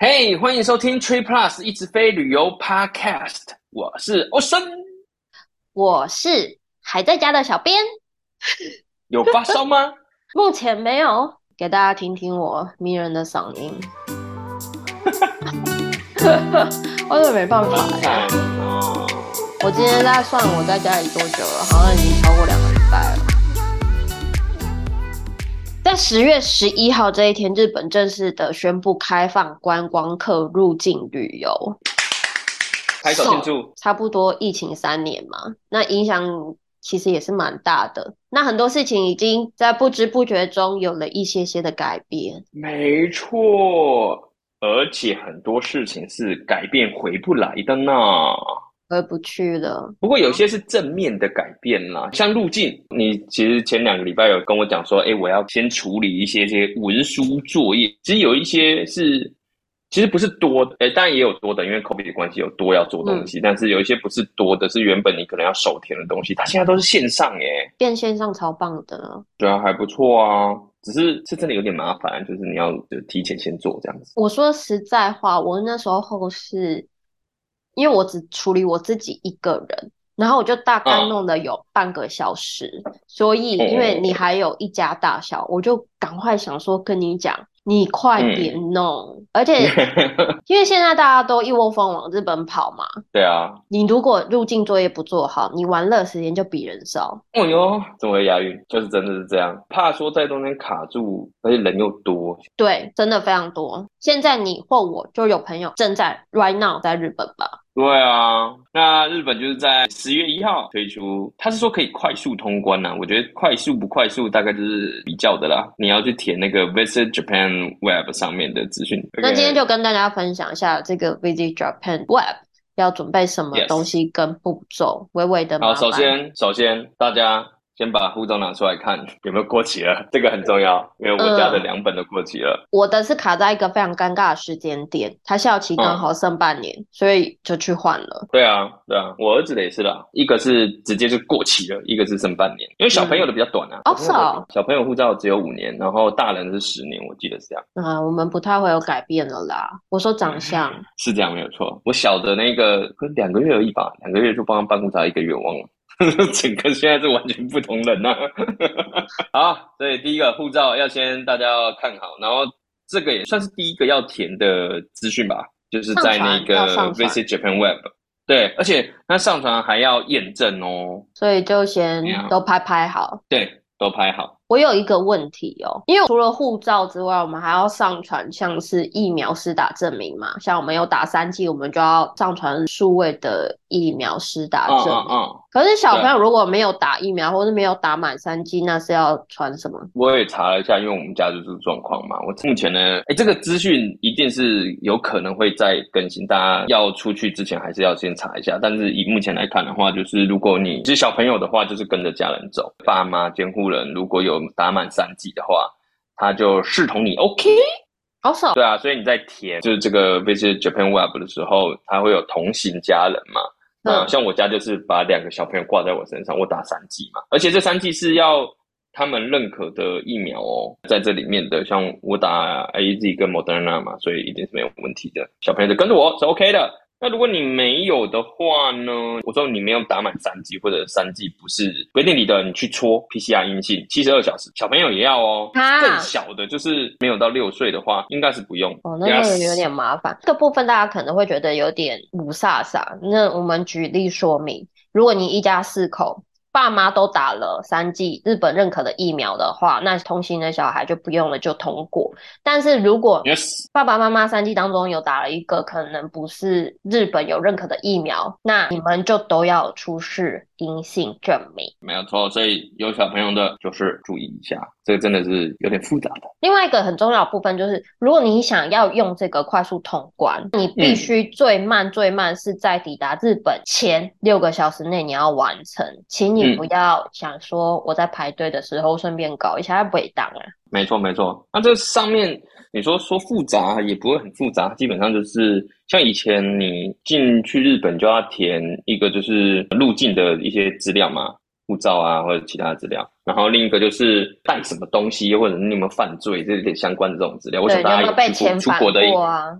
嘿，hey, 歡迎收聽 Tree Plus 一直飛旅遊 Podcast，我是歐森，我是還在家的小編， 有發燒嗎？ 目前沒有，給大家聽聽我迷人的嗓音，哈哈，哈哈，我也沒辦法、啊， 我今天大概算我在家裡多久了，好像已經超過兩個禮拜了。在十月十一號這一天，日本正式的宣布開放觀光客入境旅遊，開始慶祝。So, 差不多疫情三年嘛，那影響其實也是蠻大的。那很多事情已經在不知不覺中有了一些些的改變。沒錯，而且很多事情是改變回不來的呢。回不去了。不過有些是正面的改變啦，像入境，你其實前兩個禮拜有跟我講說，哎，我要先處理一些些文書作業。其實有一些是，其實不是多的，哎，當然也有多的，因為 COVID 的關係有多要做東西。嗯、但是有一些不是多的，是原本你可能要手填的東西，它現在都是線上耶，哎，變線上超棒的，對啊，還不錯啊，只是是真的有點麻煩，就是你要就提前先做這樣子。我說實在話，我那時候是。因為我只處理我自己一個人，然後我就大概弄了有半個小時，啊嗯、所以因為你還有一家大小，我就趕快想說跟你講，你快點弄，嗯、而且 因為現在大家都一窩蜂往日本跑嘛，對啊，你如果入境作業不做好，你玩樂時間就比人少。哦、哎、呦，怎麼會押韻？就是真的是這樣，怕說在中間卡住。而且人又多，對，真的非常多。現在你或我就有朋友正在 right now 在日本吧？對啊，那日本就是在十月一號推出，他是說可以快速通關啊。我覺得快速不快速，大概就是比較的啦。你要去填那個 Visit Japan Web 上面的資訊。Okay? 那今天就跟大家分享一下這個 Visit Japan Web 要準備什麼東西跟步驟，Yes. 微微的麻煩。好，首先，首先大家。先把護照拿出來看，有沒有過期了，這個很重要，因為我家的兩本都過期了、呃。我的是卡在一個非常尷尬的時間點，他效期剛好剩半年，嗯、所以就去換了。對啊，對啊，我兒子的也是啦，一個是直接就過期了，一個是剩半年，因為小朋友的比較短啊。哦、嗯，朋小朋友護照只有五年，然後大人是十年，我記得是這樣。啊，我們不太會有改變了啦。我說長相、嗯、是這樣沒有錯，我小的那個可能兩個月而已吧，兩個月就幫他辦護照一個月望了。 整個現在是完全不同人吶、啊， 好，所以第一個護照要先大家要看好，然後這個也算是第一個要填的資訊吧，傳就是在那個 Visit Japan Web，對，而且他上傳還要驗證哦，所以就先都拍拍好，好對，都拍好。我有一個問題哦，因為除了護照之外，我們還要上傳像是疫苗施打證明嘛？像我們有打三劑，我們就要上傳數位的疫苗施打證明。嗯、oh, oh, oh. 可是小朋友如果沒有打疫苗，對或是沒有打滿三劑，那是要傳什麼？我也查了一下，因為我們家就是狀況嘛。我目前呢，哎，這個資訊一定是有可能會再更新，大家要出去之前還是要先查一下。但是以目前來看的話，就是如果你是小朋友的話，就是跟着家人走，爸媽監護人如果有。打滿三劑的話，他就視同你 OK？好少。對啊，所以你在填就是這個 Visit Japan Web 的時候，他會有同行家人嘛？那、嗯啊、像我家就是把兩個小朋友掛在我身上，我打三劑嘛，而且這三劑是要他們認可的疫苗哦，在這裡面的，像我打 AZ 跟 Moderna 嘛，所以一定是沒有問題的，小朋友就跟着我是 OK 的。那如果你沒有的話呢？我說你沒有打滿三劑或者三劑不是規定你的，你去搓 PCR 陰性七十二小時，小朋友也要哦。更小的就是沒有到六歲的話，應該是不用。啊、哦，那又有點麻煩。這個部分大家可能會覺得有點霧煞煞。那我們舉例說明，如果你一家四口。爸媽都打了三劑日本認可的疫苗的話，那通行的小孩就不用了，就通過。但是如果爸爸媽媽三劑當中有打了一個可能不是日本有認可的疫苗，那你們就都要出示陰性證明。沒有錯，所以有小朋友的，就是注意一下，這個真的是有點複雜的。另外一個很重要的部分就是，如果你想要用這個快速通關，你必須最慢最慢是在抵達日本前六個小時內你要完成，請。你不要想說我在排隊的時候順便搞一下尾擋啊！嗯嗯嗯嗯嗯、沒錯沒錯，那、啊、這上面你說說複雜也不會很複雜，基本上就是像以前你進去日本就要填一個就是入境的一些資料嘛，護照啊或者其他資料。然後另一個就是帶什麼東西，或者你有沒有犯罪這些相關的這種資料，對我想大家出國的，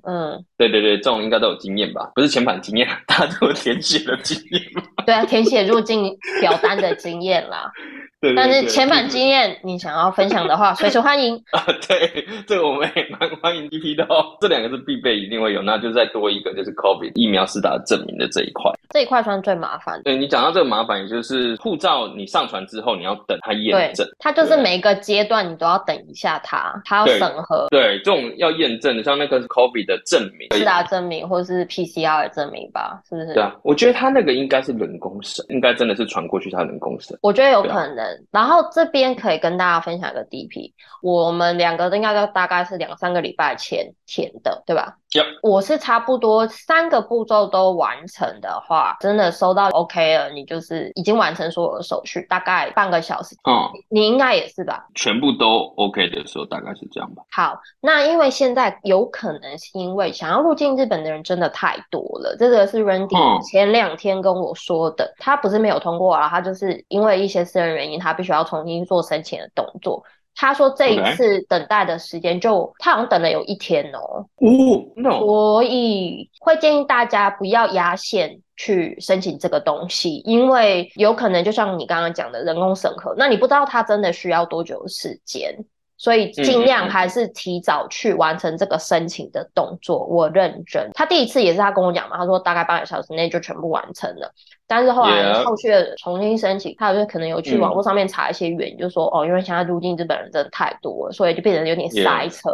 嗯，對對對，這種應該都有經驗吧？不是遣返經驗，大家都有填寫的經驗。對啊，填寫入境表單的經驗啦。 對、對、對，但是遣返經驗，你想要分享的話， 隨時歡迎啊。對，這個我們也蠻歡迎 DP 的哦。這兩個是必備，一定會有。那就再多一個，就是 COVID 疫苗施打證明的這一塊。這一塊算最麻煩。對，你講到這個麻煩，也就是護照你上傳之後，你要等它。驗證，它就是每一個階段你都要等一下他，它它要審核對。對，這種要驗證的，像那個 COVID 的證明，施打證明或者是 PCR 的證明吧，是不是？對啊，我覺得他那個應該是人工審，應該真的是傳過去他人工審。我覺得有可能。啊，然後這邊可以跟大家分享一個 DP，我們兩個應該都大概是兩三個禮拜前填的，對吧？Yep. 我是差不多三個步驟都完成的話，真的收到 OK 了，你就是已經完成所有的手續，大概半個小時。嗯，你應該也是吧？全部都 OK 的時候，大概是這樣吧。好，那因為現在有可能是因為想要入境日本的人真的太多了，這個是 Randy 前兩天跟我說的，嗯、他不是沒有通過啊，他就是因為一些私人原因，他必須要重新做申請的動作。他說這一次等待的時間就 Okay. 他好像等了有一天哦，oh, no. 所以會建議大家不要壓線去申請這個東西，因為有可能就像你剛剛講的人工審核，那你不知道他真的需要多久的時間。所以盡量還是提早去完成這個申請的動作。嗯嗯嗯，我認真，他第一次也是他跟我講嘛，他說大概半個小時內就全部完成了。但是後來後續重新申請，Yeah. 他有時候可能有去網絡上面查一些原因，嗯哦、就說哦，因為現在入境日本人真的太多了，所以就變成有點塞車。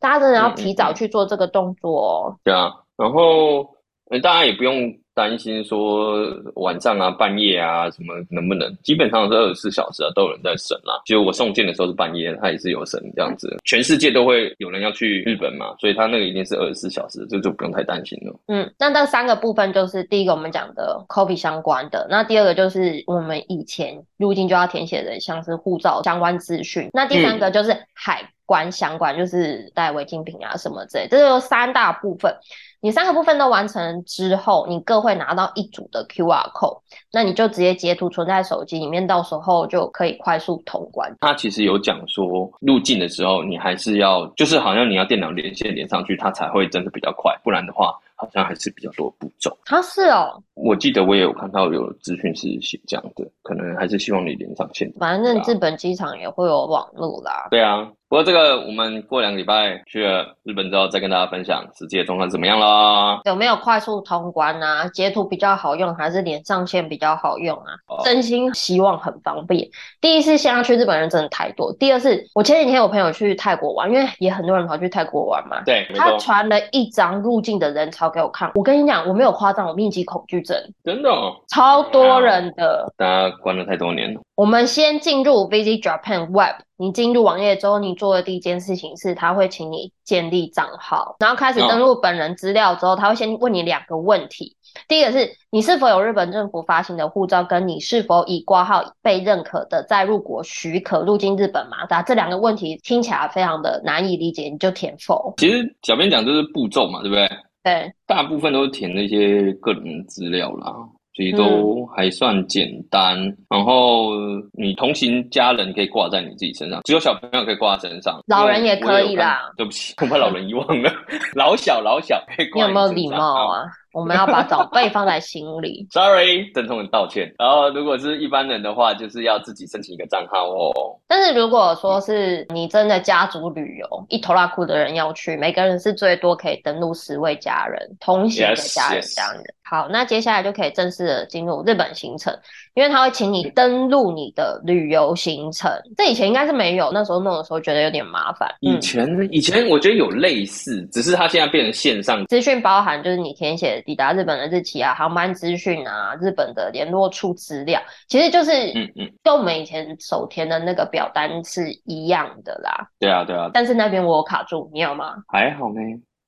大家 Yeah. 真的要提早去做這個動作。哦。對啊，然後、欸、大家也不用。擔心說晚上啊、半夜啊什麼能不能，基本上是二十四小時啊都有人在審啦。就我送件的時候是半夜，他也是有審這樣子。全世界都會有人要去日本嘛，所以他那個一定是二十四小時，這就，就不用太擔心了。嗯，那這三個部分就是第一個我們講的 COVID 相關的，那第二個就是我們以前入境就要填寫的，像是護照相關資訊。那第三個就是、嗯、海。關相關就是帶違禁品啊什麼之類，這是有三大部分。你三個部分都完成之後，你各會拿到一組的 QR code，那你就直接截圖存在手機裡面，到時候就可以快速通關。它其實有講說入境的時候，你還是要就是好像你要電腦連線連上去，它才會真的比較快，不然的話好像還是比較多步驟。它、啊、是哦，我記得我也有看到有資訊是寫這樣的，可能還是希望你連上線。反正日本機場也會有網絡啦。對啊。不過這個我們過兩個禮拜去了日本之後再跟大家分享實際的狀況怎麼樣啦。有沒有快速通關啊？截圖比較好用還是連上線比較好用啊？真心希望很方便。第一是現在去日本人真的太多。第二是，我前幾天有朋友去泰國玩，因為也很多人跑去泰國玩嘛。對。他傳了一張入境的人潮給我看，我跟你講，我沒有誇張，我密集恐懼症，真的、哦、超多人的、啊。大家關了太多年了。我們先進入 Visit Japan Web。你進入網頁之後，你做的第一件事情是，他會請你建立賬號，然後開始登錄本人資料之後，oh. 他會先問你兩個問題。第一個是你是否有日本政府發行的護照，跟你是否已掛號被認可的再入國許可入境日本嗎？答這兩個問題聽起來非常的難以理解，你就填否。其實小編講這是步驟嘛，對不對？對，大部分都是填那些個人資料啦。其實都還算簡單，嗯、然後你同行家人可以掛在你自己身上，只有小朋友可以掛在身上，老人也可以啦。對不起，恐怕老人遺忘了， 老小老小，你有沒有禮貌啊？ 我們要把長輩放在心裡。 Sorry，鄭重的道歉。然後如果是一般人的話，就是要自己申請一個賬號哦。但是如果說是你真的家族旅遊，一拖拉庫的人要去，每個人是最多可以登錄十位家人同行的家人這樣子。Yes, yes. 好，那接下來就可以正式的進入日本行程，因為他會請你登錄你的旅遊行程，這以前應該是沒有，那時候弄的時候覺得有點麻煩。嗯、以前以前我覺得有類似，只是它現在變成線上。資訊包含就是你填寫抵達日本的日期啊、航班資訊啊、日本的聯絡處資料，其實就是嗯嗯，跟我們以前手填的那個表單是一樣的啦。對啊對啊，嗯、但是那邊我有卡住，你有嗎？還好呢。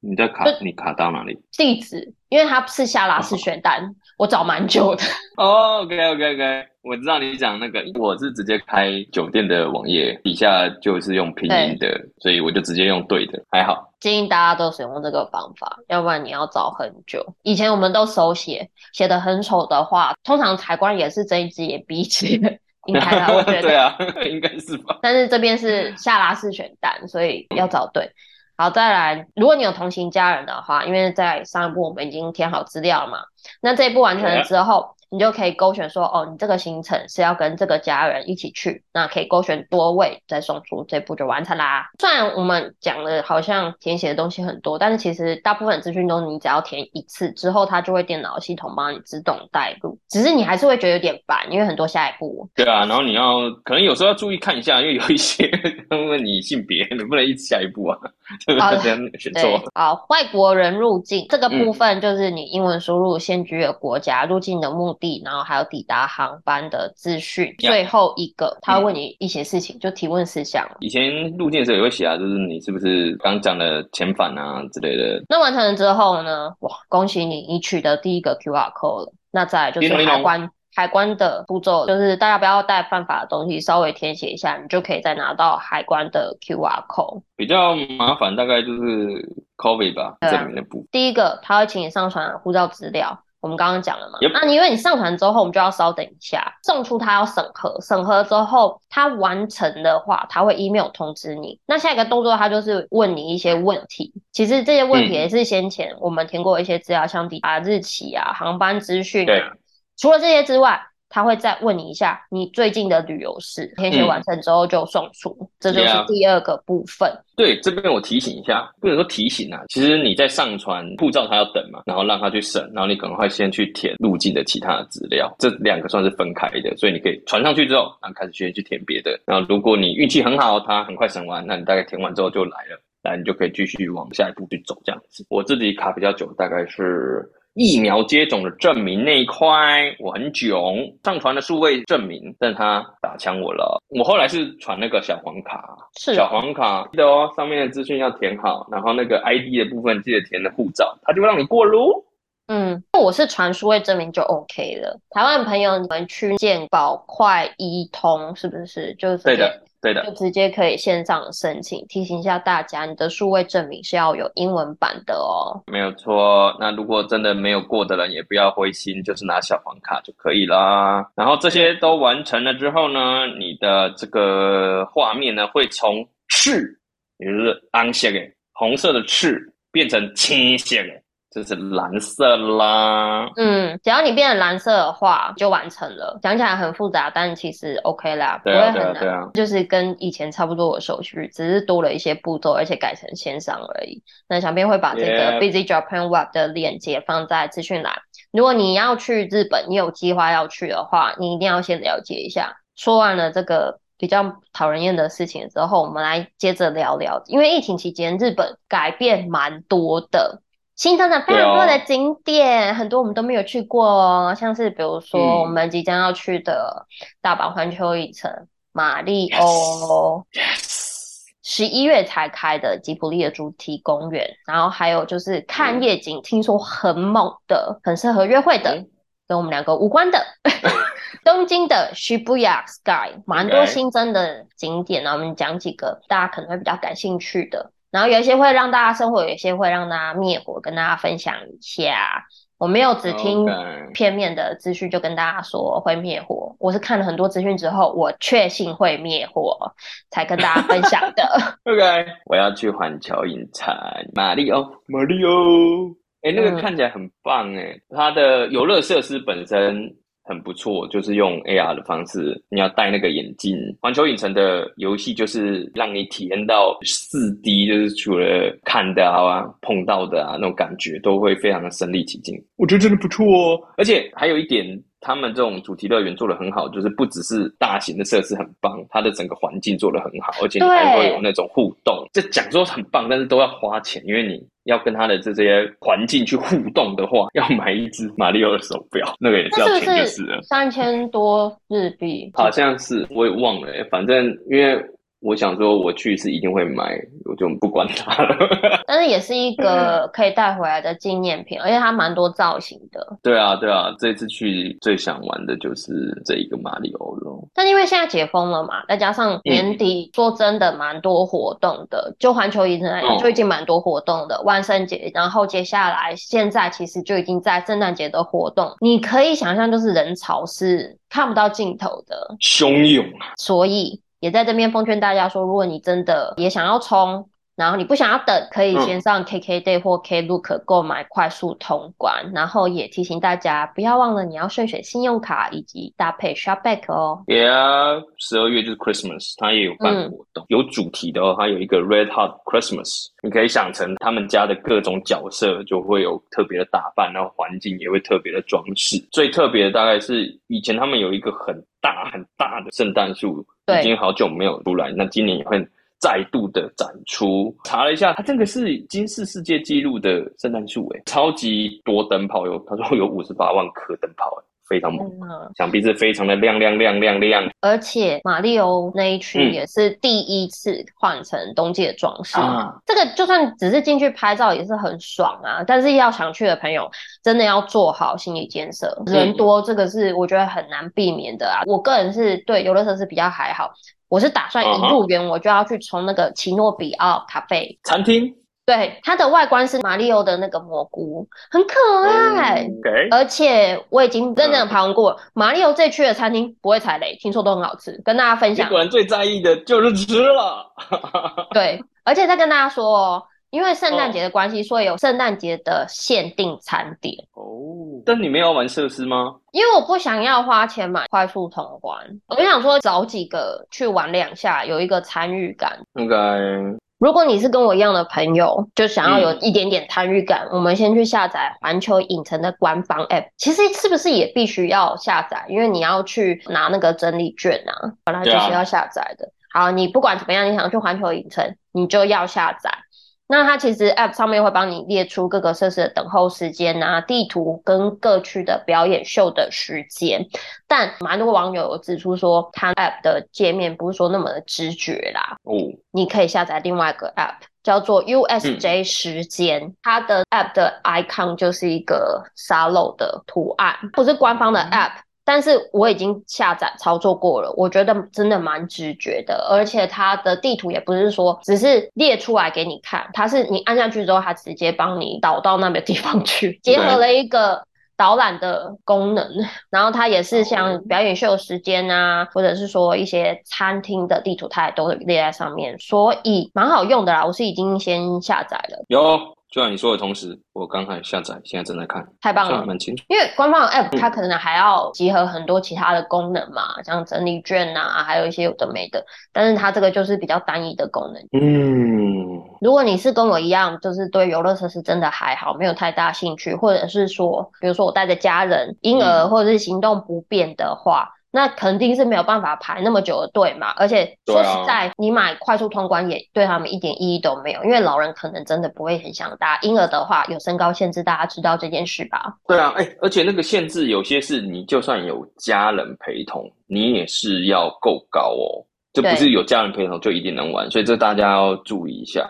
你的卡？你卡到哪裡？地址，因為它是下拉式選單，oh. 我找蠻久的。Oh, OK OK OK，我知道你講那個，我是直接開酒店的網頁，底下就是用拼音的，對所以我就直接用對的，還好。建議大家都使用這個方法，要不然你要找很久。以前我們都手寫，寫的很醜的話，通常海關也是睜一隻眼閉一隻眼，應該 的， 我覺得，對啊，應該是吧。但是這邊是下拉式選單，所以要找對。 好，再來。如果你有同行家人的話，因為在上一步我們已經填好資料了嘛，那這一步完成了之後，啊、你就可以勾選說，哦，你這個行程是要跟這個家人一起去，那可以勾選多位，再送出，這一步就完成啦。雖然我們講的好像填寫的東西很多，但是其實大部分資訊都是你只要填一次之後，它就會電腦系統幫你自動帶入。只是你還是會覺得有點煩，因為很多下一步。對啊，然後你要，可能有時候要注意看一下，因為有一些 問你性別，能不能一直下一步啊？這個先間去做。好，外國人入境、嗯、這個部分就是你英文輸入現居的國家，入境的目的，然後還有抵達航班的資訊。Yeah. 最後一個，他會問你一些事情，嗯、就提問事項。以前入境的時候也會寫啊，就是你是不是剛講的遣返啊之類的。嗯、那完成了之後呢？哇，恭喜你，你取得第一個 QR code 了。那再來就是海關。 海關的步驟就是大家不要帶犯法的東西，稍微填寫一下，你就可以再拿到海關的 QR code，嗯。比較麻煩大概就是 COVID 吧，證明、啊、的步驟。第一個他會請你上傳護照資料，我們剛剛講了嘛。Yep 那你因為你上傳之後，我們就要稍等一下，送出他要審核，審核之後他完成的話，他會 email 通知你。那下一個動作他就是問你一些問題，其實這些問題也是先前我們填過一些資料，嗯、像比啊日期啊、航班資訊。對除了這些之外，他會再問你一下你最近的旅遊史，填寫完成之後就送出，嗯、這就是第二個部分。Yeah. 對，這邊我提醒一下，不能說提醒啊，其實你在上傳護照，他要等嘛，然後讓他去審，然後你可能會先去填入境的其他的資料，這兩個算是分開的，所以你可以傳上去之後，然後開始先去填別的。然後如果你運氣很好，他很快審完，那你大概填完之後就來了，來你就可以繼續往下一步去走這樣子。我自己卡比較久，大概是。疫苗接種的證明那一塊我很囧，上傳的數位證明，但他打槍我了。我後來是傳那個小黃卡，是的小黃卡，記得哦，上面的資訊要填好，然後那個 I D 的部分記得填的護照，他就會讓你過囉。嗯，我是傳數位證明就 OK 了。台灣朋友，你們去健保快易通是不是？就是對的。對的，就直接可以線上申請。提醒一下大家，你的數位證明是要有英文版的哦。沒有錯，那如果真的沒有過的人也不要灰心，就是拿小黃卡就可以啦。然後這些都完成了之後呢，對你的這個畫面呢，會從赤，也就是紅色的，紅色的赤，變成青色的。這是藍色啦，嗯，只要你變成藍色的話，就完成了。講起來很複雜，但其實 OK 啦。對啊、不會很難。啊啊、就是跟以前差不多的手續，只是多了一些步驟，而且改成線上而已。那小編會把這個 Visit Japan Web 的鏈接放在資訊欄。Yeah. 如果你要去日本，你有計劃要去的話，你一定要先了解一下。說完了這個比較討人厭的事情之後，我們來接着聊聊，因為疫情期間日本改變蠻多的。新增了非常多的景點，哦、很多我們都沒有去過哦，像是比如說我們即將要去的大阪環球影城、馬里歐。十一 Yes! Yes! 月才開的吉卜力的主題公園，然後還有就是看夜景，嗯、聽說很猛的，很適合約會的，嗯、跟我們兩個無關的， 東京的 Shibuya Sky，蠻多新增的景點呢，我們講幾個大家可能會比較感興趣的。然後有一些會讓大家生火，有一些會讓大家滅火，跟大家分享一下。我沒有只聽片面的資訊就跟大家說會滅火，我是看了很多資訊之後，我確信會滅火才跟大家分享的。 OK，我要去環球影城，馬里奧，馬里奧，哎、欸，那個看起來很棒，哎、欸，它的遊樂設施本身。很不錯，就是用 AR 的方式，你要戴那個眼鏡。環球影城的遊戲就是讓你體驗到 4D，就是除了看到啊、碰到的啊那種感覺，都會非常的身臨其境。我覺得真的不錯哦，而且還有一點。他們這種主題樂園做的很好，就是不只是大型的設施很棒，它的整個環境做的很好，而且你還會有那種互動。這講對說很棒，但是都要花錢，因為你要跟他的這些環境去互動的話，要買一隻馬里奧的手錶，那個也是要錢，就是了，是三千多日幣， 好像是我也忘了，欸，反正因為。我想說，我去是一定會買，我就不管它了。但是也是一個可以帶回來的紀念品， 而且它蠻多造型的。對啊，對啊，這次去最想玩的就是這一個馬里歐了。但因為現在解封了嘛，再加上年底說真的蠻多活動的，嗯、就環球影城就已經蠻多活動的，哦、萬聖節，然後接下來現在其實就已經在聖誕節的活動，你可以想象就是人潮是看不到盡頭的洶湧，所以。也在這邊奉勸大家說，如果你真的也想要衝，然後你不想要等，可以先上 KKday 或 Klook 購買快速通關。嗯、然後也提醒大家，不要忘了你要慎選信用卡以及搭配 ShopBack 哦。Yeah, 12十二月就是 Christmas，它也有辦活動，嗯、有主題的哦。它有一個 Red Hot Christmas，你可以想成他們家的各種角色就會有特別的打扮，然後環境也會特別的裝飾。最特別的大概是以前他們有一個很大很大的聖誕樹，對已經好久沒有出來，那今年也會。再度的展出，查了一下，它這個是金氏世界紀錄的聖誕樹，哎，超級多燈泡喲！他說有五十八萬顆燈泡、欸，非常猛，嗯啊、想必是非常的亮亮亮亮亮。而且馬里歐那一區也是第一次換成冬季的裝飾，嗯啊、這個就算只是進去拍照也是很爽啊。但是要想去的朋友，真的要做好心理建設，嗯、人多這個是我覺得很難避免的啊。我個人是對遊樂設施是比較還好。我是打算一入園，uh huh. 我就要去從那個奇諾比奧咖啡餐廳廳。對，它的外觀是馬里奧的那個蘑菇，很可愛。Okay. 而且我已經認真爬完過馬里奧這區的餐廳，不會踩雷，聽說都很好吃，跟大家分享。你果然最在意的就是吃了。 對，而且再跟大家說，因為聖誕節的關係，uh huh. 所以有聖誕節的限定餐點哦。Oh. 但你沒有要玩設施嗎？因為我不想要花錢買快速通關，我就想說找幾個去玩兩下，有一個參與感。應該。如果你是跟我一樣的朋友，就想要有一點點參與感，嗯、我們先去下載環球影城的官方 App。其實是不是也必須要下載？因為你要去拿那個整理券啊，本來就是要下載的。Yeah. 好，你不管怎麼樣，你想去環球影城，你就要下載。那它其實 App 上面會幫你列出各個設施的等候時間啊，地圖跟各區的表演秀的時間。但蠻多網友有指出說，它 App 的界面不是說那麼的直覺啦。哦，你可以下載另外一個 App，叫做 USJ 時間，嗯、它的 App 的 icon 就是一個沙漏的圖案，不是官方的 App，嗯。但是我已經下載操作過了，我覺得真的蠻直覺的，而且它的地圖也不是說只是列出來給你看，它是你按下去之後，它直接幫你導到那個地方去，結合了一個導覽的功能。對然後它也是像表演秀時間啊，或者是說一些餐廳的地圖，它也都列在上面，所以蠻好用的啦。我是已經先下載了，有。就像你說的同時，我剛才下載，現在正在看。太棒了，蠻清楚。因為官方 App，它可能還要集合很多其他的功能嘛，嗯、像整理券吶、啊，還有一些有的沒的。但是它這個就是比較單一的功能。嗯。如果你是跟我一樣，就是對遊樂設施真的還好，沒有太大興趣，或者是說，比如說我帶着家人、嬰兒，或者是行動不便的話。嗯那肯定是沒有辦法排那麼久的隊嘛，而且說實在，你買快速通關也對他們一點意義都沒有，因為老人可能真的不會很想打。嬰兒的話有身高限制，大家知道這件事吧？對啊，欸，而且那個限制有些是，你就算有家人陪同，你也是要夠高哦，這不是有家人陪同就一定能玩，所以這大家要注意一下。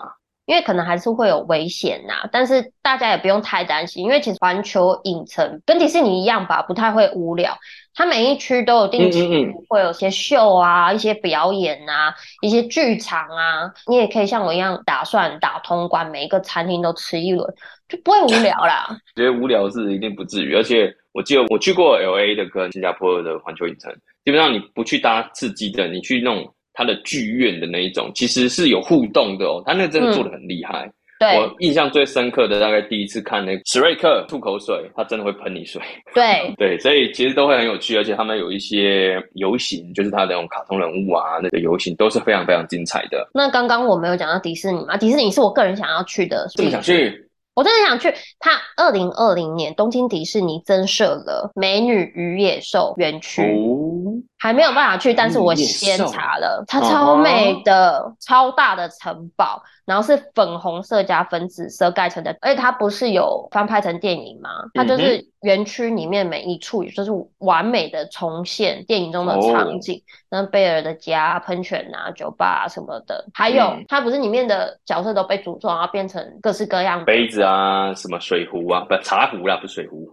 因為可能還是會有危險吶、啊，但是大家也不用太擔心，因為其實環球影城跟迪士尼一樣吧，不太會無聊。它每一區都有定期嗯嗯嗯會有些秀啊、一些表演啊、一些劇場啊，你也可以像我一樣打算打通關，每一個餐廳都吃一輪，就不會無聊啦。覺得無聊是一定不至於，而且我記得我去過 LA 的跟新加坡的環球影城，基本上你不去搭刺激的，你去那種。他的劇院的那一種其實是有互動的哦，他那個真的做得很厲害。嗯、對，我印象最深刻的大概第一次看那個史瑞克吐口水，他真的會噴你水。對 對，所以其實都會很有趣，而且他們有一些遊行，就是他的那種卡通人物啊，那個遊行都是非常非常精彩的。那剛剛我沒有講到迪士尼嗎？迪士尼是我個人想要去的。這麼想去？我真的想去。他二零二零年東京迪士尼增設了美女與野獸園區。哦還沒有辦法去，但是我先查了，它超美的，超大的城堡，啊、哈然後是粉紅色加粉紫色蓋成的，而且它不是有翻拍成電影嗎？它就是園區裡面每一處，也就是完美的重現電影中的場景，那、哦、貝爾的家、噴泉啊、酒吧、啊、什麼的，還有、嗯、它不是裡面的角色都被組裝，然後變成各式各樣的杯子啊、什麼水壺啊，不茶壺啦、啊，不是水壺，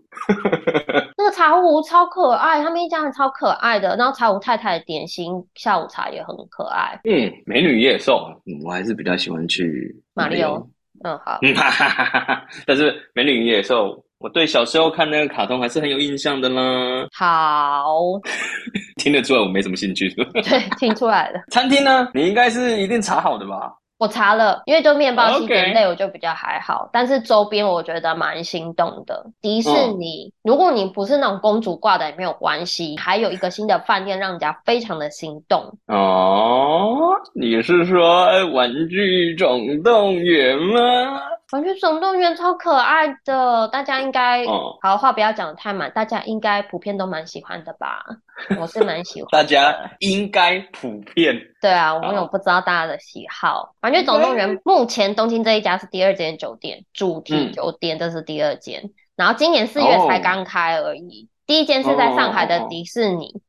那個茶壺超可愛，他們一家人超可愛的，然後。茶壺太太的點心下午茶也很可愛。嗯，美女與野獸，嗯，我還是比較喜歡去馬利歐。馬利歐，嗯，好。嗯，哈哈哈。但是美女與野獸，我對小時候看那個卡通還是很有印象的啦。好， 聽得出來我沒什麼興趣。對，聽出來了。 餐廳呢？你應該是一定查好的吧？我查了，因為就面包機一類，我就比較還好。Okay. 但是周邊我覺得蠻心動的，迪士尼。嗯、如果你不是那種公主掛的，也沒有關係。還有一個新的飯店，讓人家非常的心動。哦，你是說玩具總動員嗎？玩具總動員超可愛的，大家應該、oh. 好話不要講的太滿，大家應該普遍都蠻喜歡的吧？我是蠻喜歡。 大家應該普遍。對啊，我們又不知道大家的喜好。玩具、oh. 總動員目前東京這一家是第二間酒店主題酒店，Okay. 酒店這是第二間，嗯、然後今年四月才剛開而已。Oh. 第一間是在上海的迪士尼。Oh. Oh.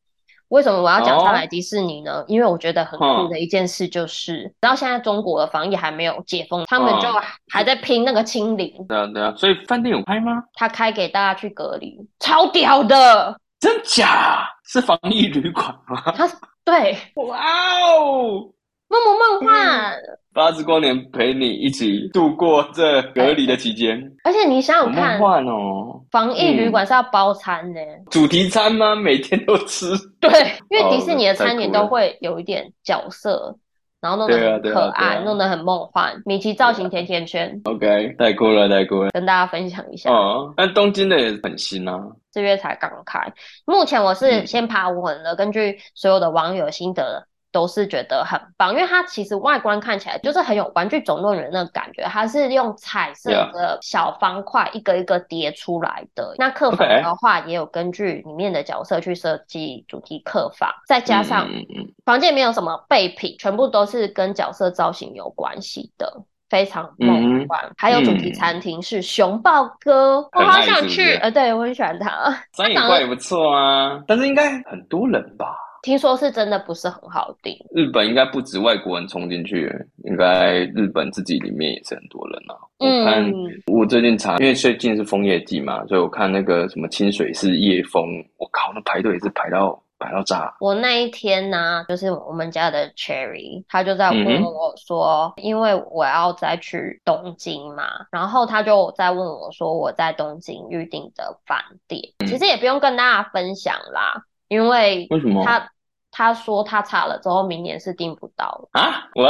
為什麼我要講上海迪士尼呢？哦、因為我覺得很酷的一件事就是，然後、哦、現在中國的防疫還沒有解封，哦、他們就還在拼那個清零。對啊，對啊，所以飯店有開嗎？他開給大家去隔離，超屌的，真假？是防疫旅館嗎？他是，對，哇哦，夢夢夢幻。嗯巴斯光年陪你一起度過這隔離的期間，而且你想想看哦，防疫旅館是要包餐的，主題餐嗎？每天都吃？對，因為迪士尼的餐飲都會有一點角色，然後弄得很可愛，弄得很夢幻，米奇造型甜甜圈。OK，帶過了，帶過了，跟大家分享一下哦。但東京的也很新啊，這月才剛開，目前我是先爬文了，根據所有的網友心得。都是覺得很棒，因為它其實外觀看起來就是很有玩具總動員的感覺，它是用彩色的小方塊一個一個疊出來的。Yeah. 那客房的話，也有根據裡面的角色去設計主題客房，Okay. 再加上房間沒有什麼備品，嗯、全部都是跟角色造型有關係的，非常夢幻。嗯、還有主題餐廳是熊抱哥，我好想去，呃，對，我很喜歡他。三眼怪也不錯啊， 但是應該很多人吧。聽說是真的不是很好訂。日本應該不止外國人衝進去，應該日本自己裡面也是很多人啊。嗯、我看我最近查，因為最近是楓葉季嘛，所以我看那個什麼清水寺夜楓，我靠，那排隊也是排到排到炸。我那一天呢，就是我們家的 Cherry，他就在問我說，嗯、哼因為我要再去東京嘛，然後他就在問我說我在東京預定的飯店，嗯、其實也不用跟大家分享啦。因為為什麼他他說他查了之後明年是訂不到啊？喂，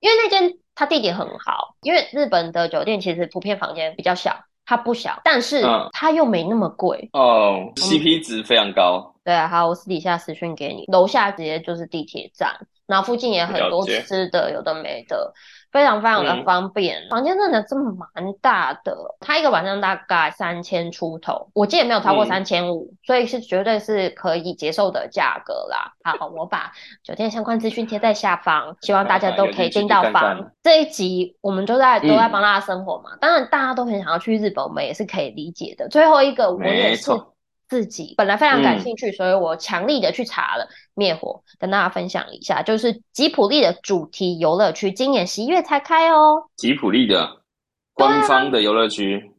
因為那間他地點很好，因為日本的酒店其實普遍房間比較小，它不小，但是它又沒那麼貴哦、嗯 oh，CP 值非常高，嗯。對啊，好，我私底下私訊給你，樓下直接就是地鐵站，然後附近也很多吃的，了解。有的沒的。非常非常的方便，嗯、房間真的真的蠻大的，它一個晚上大概三千出頭，我記得沒有超過三千五，所以是絕對是可以接受的價格啦。好，我把酒店相關資訊貼在下方， 希望大家都可以訂到房。嗯嗯、這一集我們就在都在幫大家生火嘛，嗯、當然大家都很想要去日本，我們也是可以理解的。最後一個我也是。自己本來非常感興趣，嗯，所以我強力的去查了滅火，跟大家分享一下，就是吉普力的主題遊樂區今年十一月才開哦。吉普力的官方的遊樂區，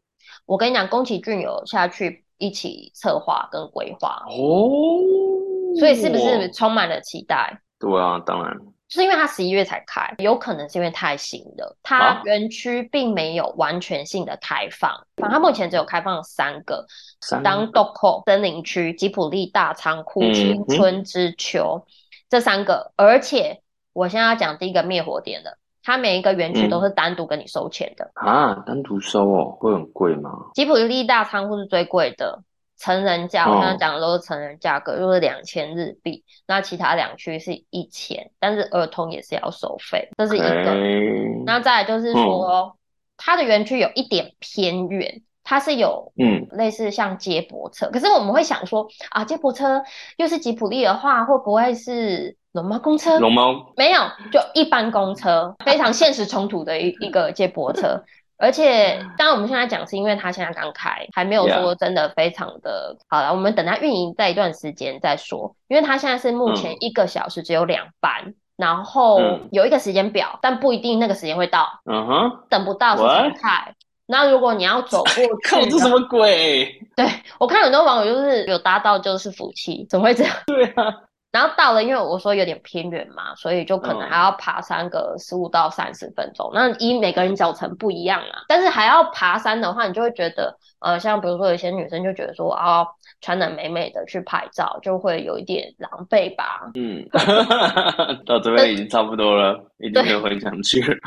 我跟你講，宮崎駿有下去一起策劃跟規劃哦，所以是不是充滿了期待？對啊，當然。就是因為它十一月才開，有可能是因為太新了，它園區並沒有完全性的開放，反正它目、啊、前只有開放三個：三個當渡口、森林區、吉普利大倉庫、嗯嗯、青春之丘這三個。而且我現在要講第一個滅火點的，它每一個園區都是單獨跟你收錢的、嗯、啊，單獨收哦，會很貴嗎？吉普利大倉庫是最貴的。成人價，我剛剛講的都是成人價格，oh. 就是兩千日幣。那其他兩區是一千，但是兒童也是要收費，這是一個。Okay. 那再來就是說，oh. 它的園區有一點偏遠，它是有嗯類似像接駁車，嗯、可是我們會想說啊，接駁車又是吉卜力的話，會不會是龍貓公車？龍貓貓沒有，就一般公車，非常現實衝突的一一個接駁車。 而且，當然我們現在講是因為他現在剛開，還沒有說真的非常的 Yeah. 好了。我們等他運營再一段時間再說，因為他現在是目前一個小時只有兩班，嗯、然後有一個時間表，嗯、但不一定那個時間會到。嗯哼、uh，huh? 等不到是常態。What? 那如果你要走過去， 靠，這什麼鬼？對，我看很多網友就是有搭到就是福氣，怎麼會這樣？對啊。然後到了，因為我說有點偏遠嘛，所以就可能還要爬山個十五到三十分鐘。Oh. 那依每個人腳程不一樣啊，但是還要爬山的話，你就會覺得。呃，像比如說，有些女生就覺得說啊、哦，穿的美美的去拍照，就會有一點狼狽吧。嗯， 到這邊已經差不多了，嗯、一定會很想去了。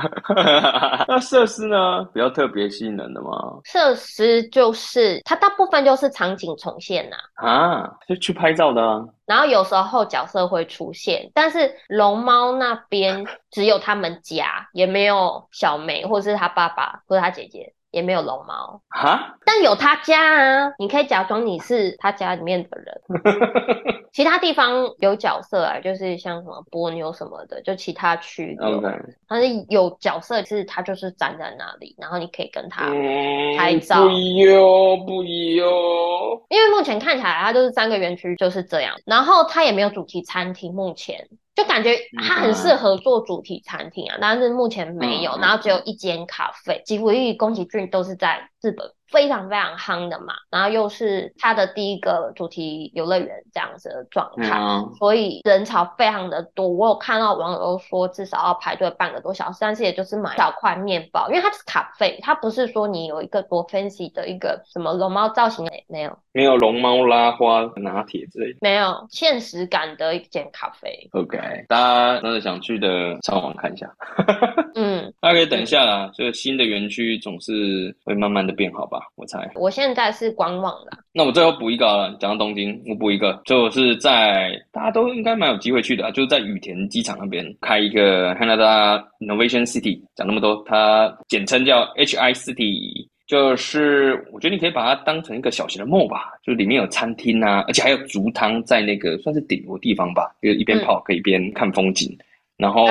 對 那設施呢，比較特別吸引人的嗎？設施就是，它大部分就是場景重現吶、啊。啊，就去拍照的、啊。然後有時候角色會出現，但是龍貓那邊只有他們家， 也沒有小梅，或者是他爸爸，或是他姐姐。也沒有龍貓啊，蛤但有他家啊，你可以假裝你是他家裡面的人。 其他地方有角色啊，就是像什麼波妞什麼的，就其他區。O Okay .的但是有角色是它就是站在那裡，然後你可以跟他拍照。不一哦，不一哦。因為目前看起來，它就是三個園區就是這樣，然後它也沒有主題餐廳目前。就感覺它很適合做主題餐廳啊，嗯、但是目前沒有，嗯、然後只有一間咖啡，嗯、幾乎一宮崎駿都是在日本。非常非常夯的嘛，然後又是他的第一個主題遊樂園這樣子的狀態，嗯啊、所以人潮非常的多。我有看到網友說，至少要排隊半個多小時，但是也就是買一小塊麵包，因為它是咖啡，它不是說你有一個多 fancy 的一個什麼龍貓造型，沒沒有，沒有龍貓拉花拿鐵之類的，沒有現實感的一間咖啡。OK，大家真的想去的，上網看一下。 嗯，大家可以等一下啦，這個、嗯、新的園區總是會慢慢的變好吧。我猜，我現在是觀望的。那我最後補一個好了，講到東京，我補一個，就是在大家都應該蠻有機會去的，就是在羽田機場那邊開一個 Haneda Innovation City。講那麼多，它簡稱叫 HI City，就是我覺得你可以把它當成一個小型的 mall 吧，就是裡面有餐廳啊，而且還有足湯在那個算是頂樓地方吧，就一邊泡可以一邊看風景，嗯、然後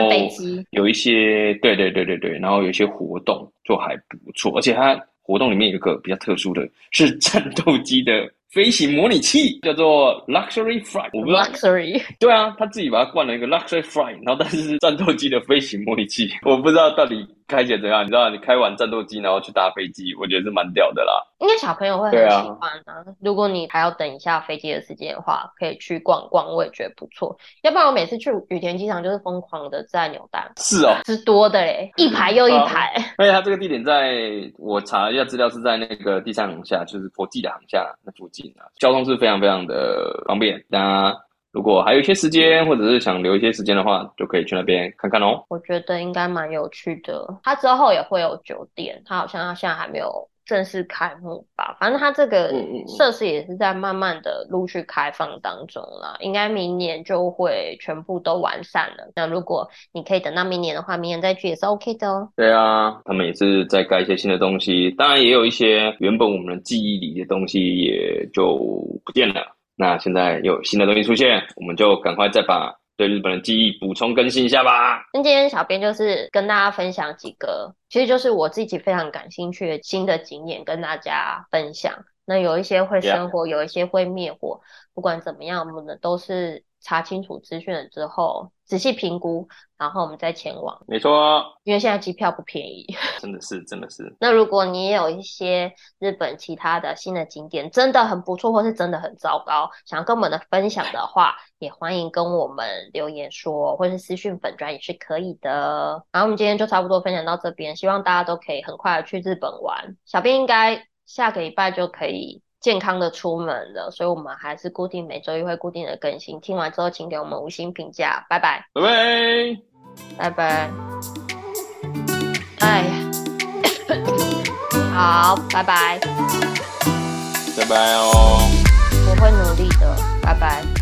有一些對對對對對，然後有一些活動就還不錯，而且它。活動裡面有一個比較特殊的是戰鬥機的飛行模擬器，叫做 Luxury Flight。我不知道 Luxury 對啊，他自己把它冠了一個 Luxury Flight，然後但是是戰鬥機的飛行模擬器，我不知道到底開起來怎樣。你知道，你開完戰鬥機然後去搭飛機，我覺得是蠻屌的啦。因為小朋友會很喜歡啊。啊如果你還要等一下飛機的時間的話，可以去逛逛，我也覺得不錯。要不然我每次去羽田機場就是瘋狂的在扭蛋。是哦，是多的嘞，一排又一排。而且它這個地點在，在我查了一下資料，是在那個第三航廈，就是國際的航廈那附近啊，交通是非常非常的方便。大家如果還有一些時間，或者是想留一些時間的話，就可以去那邊看看哦。我覺得應該蠻有趣的。它之後也會有酒店，它好像它現在還沒有。正式開幕吧，反正它這個設施也是在慢慢的陸續開放當中了，嗯嗯嗯。應該明年就會全部都完善了。那如果你可以等到明年的話，明年再去也是 OK 的哦。對啊，他們也是在蓋一些新的東西，當然也有一些原本我們記憶裡的東西也就不見了。那現在有新的東西出現，我們就趕快再把。對日本的記憶補充更新一下吧。那今天小編就是跟大家分享幾個，其實就是我自己非常感興趣的新的景點，跟大家分享。那有一些會生火，Yeah. 有一些會滅火，不管怎麼樣，我們都是。查清楚資訊了之後，仔細評估，然後我們再前往。沒錯啊，因為現在機票不便宜，真的是，真的是。那如果你也有一些日本其他的新的景點，真的很不錯，或是真的很糟糕，想要跟我們的分享的話，也歡迎跟我們留言說，或是私訊粉專也是可以的。然後我們今天就差不多分享到這邊，希望大家都可以很快的去日本玩。小編應該下個禮拜就可以健康的出門了，所以我們還是固定每周一會固定的更新。聽完之後，請給我們五星評價，拜拜。拜拜，拜拜。哎呀， 好，拜拜。拜拜哦。我會努力的，拜拜。